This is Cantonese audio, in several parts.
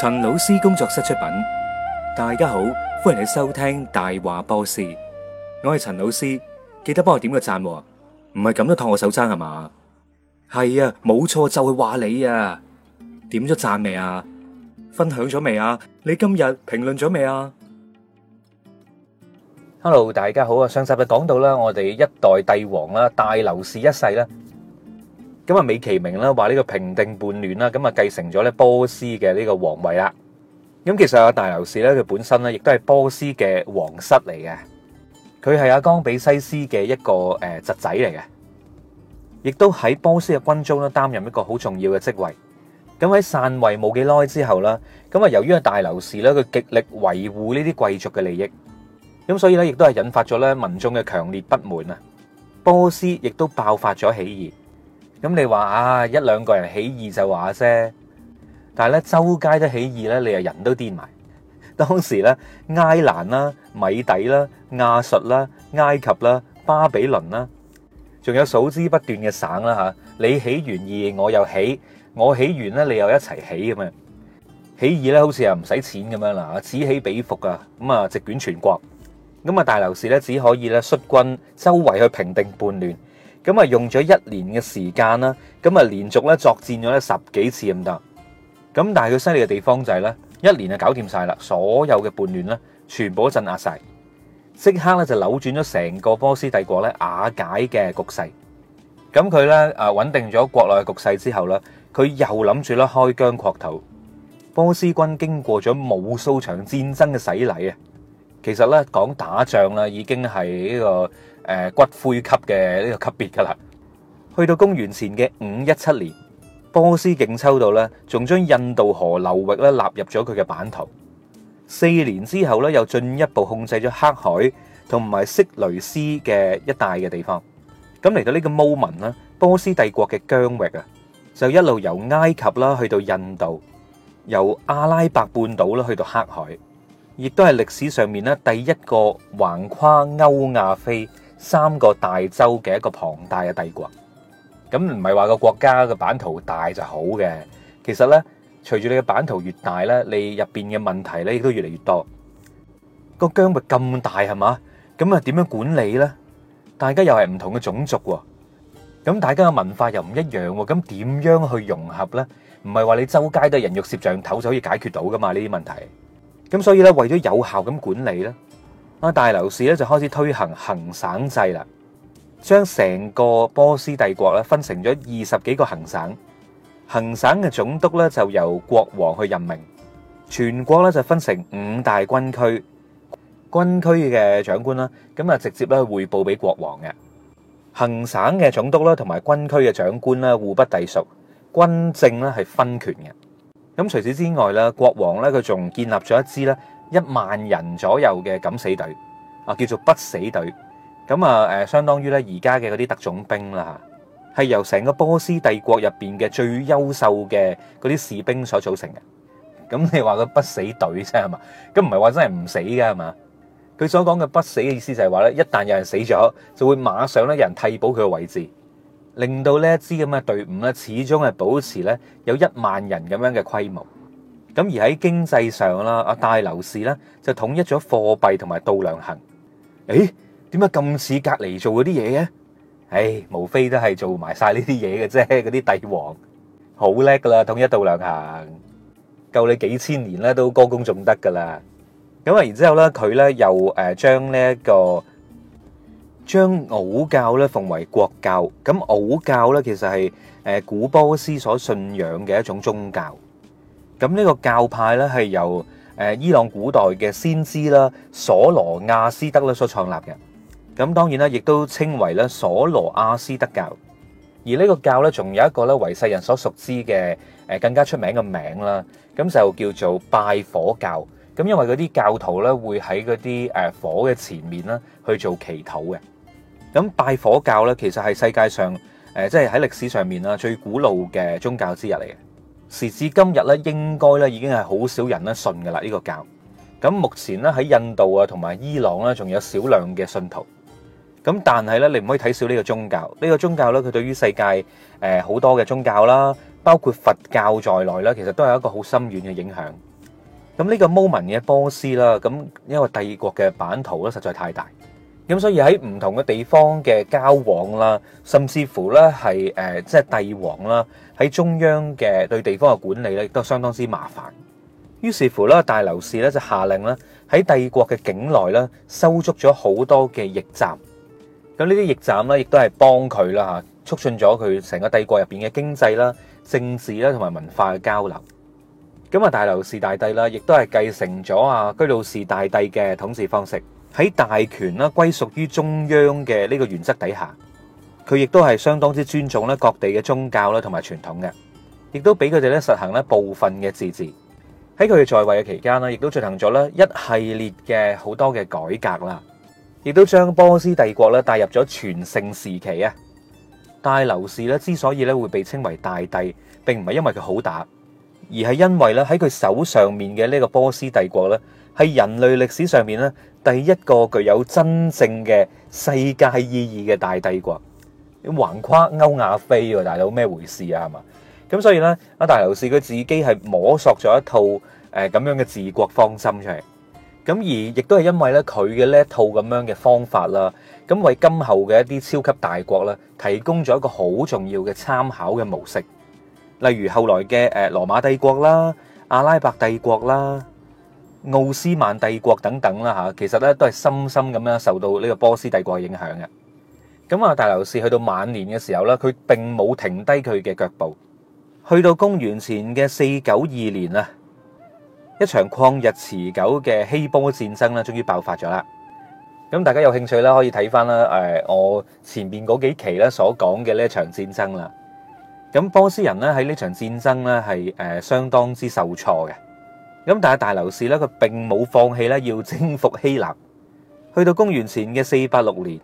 陳老師工作室出品，大家好，歡迎你收聽大話波斯。我係陳老師，記得幫我點個讚喎？唔係咁都托我手踭，係咪？係呀，冇錯，就會話你呀。點咗讚未呀？分享咗未呀？你今日評論咗未呀？Hello，大家好，上集就講到，我哋一代帝王啦，大流士一世啦。咁啊，美其名啦，話呢個平定叛亂啦，咁啊繼承咗咧波斯嘅呢個皇位啦。咁其實阿大流士咧，佢本身咧亦都係波斯嘅皇室嚟嘅。佢係阿岡比西斯嘅一個誒侄仔嚟嘅，亦都喺波斯嘅軍中咧擔任一個好重要嘅職位。咁喺篡位冇幾耐之後啦，咁啊由於阿大流士咧，佢極力維護呢啲貴族嘅利益，咁所以咧亦都係引發咗咧民眾嘅強烈不滿啊。波斯亦都爆發咗起義。咁你話啊，一兩個人起義就話啫，但係咧周街都起義咧，你啊人都癲埋。當時咧，埃蘭啦、米底啦、亞述啦、埃及啦、巴比倫啦，仲有數之不斷嘅省啦嚇。你起完義，我又起，我起完咧，你又一齊起咁樣。起義咧，好似又唔使錢咁樣啦，此起彼伏啊，咁啊，席捲全國。咁啊，大流士咧只可以咧率軍周圍去平定叛亂。咁啊，用咗一年嘅時間啦，咁啊，連續咧作戰咗咧十幾次咁得，咁但係佢犀利嘅地方就係咧，一年就搞掂晒啦，所有嘅叛亂咧，全部都鎮壓晒，即刻咧就扭轉咗成個波斯帝國咧瓦解嘅局勢。咁佢咧誒穩定咗國內嘅局勢之後咧，佢又諗住咧開疆擴土。波斯軍經過咗無數場戰爭嘅洗禮啊，其實咧講打仗啦，已經係呢個。誒骨灰級嘅呢個級別㗎啦。去到公元前嘅五一七年，波斯勁抽到咧，仲將印度河流域咧納入咗佢嘅版圖。四年之後咧，又進一步控制咗黑海同埋色雷斯嘅一帶嘅地方。咁嚟到呢個穆文啦，波斯帝國嘅疆域啊，就一路由埃及啦去到印度，由阿拉伯半島啦去到黑海，亦都係歷史上面咧第一個橫跨歐亞非三個大洲嘅一個龐大嘅帝國，咁唔係話個國家嘅版圖大就好嘅。其實咧隨住你嘅版圖越大咧，你入邊嘅問題咧亦都越嚟越多。個疆域咁大係嘛，咁啊點樣管理咧？大家又係唔同嘅種族，咁大家嘅文化又唔一樣，咁點樣去融合咧？唔係話你周街都係人肉攝像頭就可以解決到噶嘛呢啲問題？咁所以咧，為咗有效咁管理咧。大流士咧就開始推行行省制啦，將成個波斯帝國咧分成咗二十幾個行省，行省嘅總督咧就由國王去任命，全國咧就分成五大軍區，軍區嘅長官啦，咁啊直接咧匯報俾國王嘅。行省嘅總督咧同埋軍區嘅長官咧互不隸屬，軍政咧係分權嘅。咁除此之外咧，國王咧佢仲建立咗一支咧。一萬人左右嘅敢死隊啊，叫做不死隊。咁啊，誒，相當於咧而家嘅嗰啲特種兵啦，係由成個波斯帝國入邊嘅最優秀嘅嗰啲士兵所組成嘅。咁你話個不死隊啫，係嘛？咁唔係話真係唔死嘅係嘛？佢所講嘅不死嘅意思就係話咧，一旦有人死咗，就會馬上咧有人替補佢嘅位置，令到呢一支咁嘅隊伍咧，始終係保持咧有一萬人咁樣嘅規模。咁而喺經濟上啦，阿大流士咧就統一咗貨幣同埋度量衡。誒，點解咁似隔離做嗰啲嘢嘅？誒，無非都係做埋曬呢啲嘢嘅啫。嗰啲帝王好叻噶啦，統一度量衡，夠你幾千年啦，都歌功頌德噶啦。咁啊，然之後咧，佢咧又誒將呢一個將奧教咧奉為國教。咁奧教咧其實係誒古波斯所信仰嘅一種宗教。咁呢個教派咧係由誒伊朗古代嘅先知啦，所羅亞斯德咧所創立嘅。咁當然啦，亦都稱為咧所羅亞斯德教。而呢個教咧，仲有一個咧為世人所熟知嘅誒更加出名嘅名啦。咁就叫做拜火教。咁因為嗰啲教徒咧會喺嗰啲誒火嘅前面咧去做祈禱嘅。咁拜火教咧，其實係世界上誒即係喺歷史上面啊最古老嘅宗教之一嚟嘅，時至今日咧，應該咧已經係好少人咧信嘅啦，呢個教。咁目前咧喺印度啊同埋伊朗咧，仲有少量嘅信徒。咁但係咧，你唔可以睇少呢個宗教。呢、這個宗教咧，佢對於世界誒好多嘅宗教啦，包括佛教在內啦，其實都係一個好深遠嘅影響。咁呢個咁所以喺唔同嘅地方嘅交往啦，甚至乎咧係誒，即係帝王啦，喺中央嘅對地方嘅管理咧，都相當之麻煩。於是乎咧，大流士咧就下令咧喺帝國嘅境內咧收足咗好多嘅驛站。咁呢啲驛站咧，亦都係幫佢啦吓，促進咗佢成個帝國入邊嘅經濟啦、政治啦同埋文化嘅交流。咁啊，大流士大帝啦，亦都係繼承咗阿居魯士大帝嘅統治方式。喺大權啦，歸屬於中央嘅呢個原則底下，佢亦都係相當之尊重咧各地嘅宗教啦同埋傳統嘅，亦都俾佢哋咧實行咧部分嘅自治。喺佢哋在位嘅期間啦，亦都進行咗咧一系列嘅好多嘅改革啦，亦都將波斯帝國咧帶入咗全盛時期啊！大流士咧之所以咧會被稱為大帝，並唔係因為佢好打，而係因為咧喺佢手上面嘅呢個波斯帝國咧。係人類歷史上面咧，第一個具有真正嘅世界意義嘅大帝國，橫跨歐亞非喎，大佬咩回事啊？係嘛？咁所以咧，阿大流士佢自己係摸索咗一套誒咁樣嘅治國方針出嚟，咁而亦都係因為咧佢嘅呢一套咁樣嘅方法啦，咁為今後嘅一啲超級大國啦，提供咗一個好重要嘅參考嘅模式，例如後來嘅誒羅馬帝國啦、阿拉伯帝國啦。奧斯曼帝國等等啦，吓其實咧都係深深咁樣受到呢個波斯帝國嘅影響嘅。咁啊，大流士去到晚年嘅時候咧，佢並冇停低佢嘅腳步。去到公元前嘅四九二年啊，一場曠日持久嘅希波戰爭咧，終於爆發咗啦。咁大家有興趣咧，可以睇翻啦。誒，我前邊嗰幾期咧所講嘅呢一場戰爭啦，咁波斯人咧喺呢場戰爭咧係誒相當之受挫嘅。咁但係大流士咧，佢並冇放棄咧，要征服希臘。去到公元前嘅四八六年，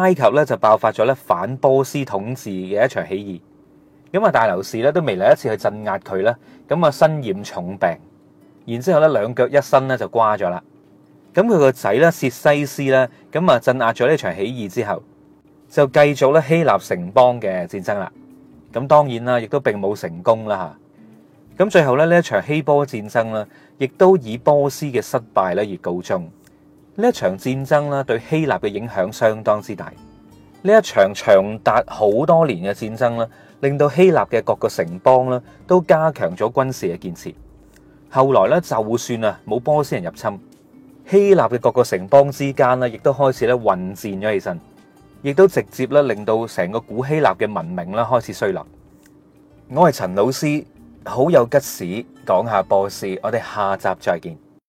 埃及咧就爆發咗咧反波斯統治嘅一場起義。咁啊，大流士咧都未嚟一次去鎮壓佢啦，咁啊身染重病，然之後咧兩腳一伸咧就瓜咗啦。咁佢個仔咧，薛西斯咧，咁啊鎮壓咗呢場起義之後，就繼續咧希臘城邦嘅戰爭啦。咁當然啦，亦都並冇成功啦吓。咁最後咧，呢一場希波戰爭呢，亦都以波斯嘅失敗咧而告終。呢一場戰爭呢，對希臘嘅影響相當之大。呢一場長達好多年嘅戰爭呢，令到希臘嘅各個城邦咧都加強咗軍事嘅建設。後來呢，就算啊冇波斯人入侵，希臘嘅各個城邦之間呢，亦都開始咧混戰咗起身，亦都直接咧令到成個古希臘嘅文明咧開始衰落。我係陳老師。好有吉事，講下波斯，我哋下集再見。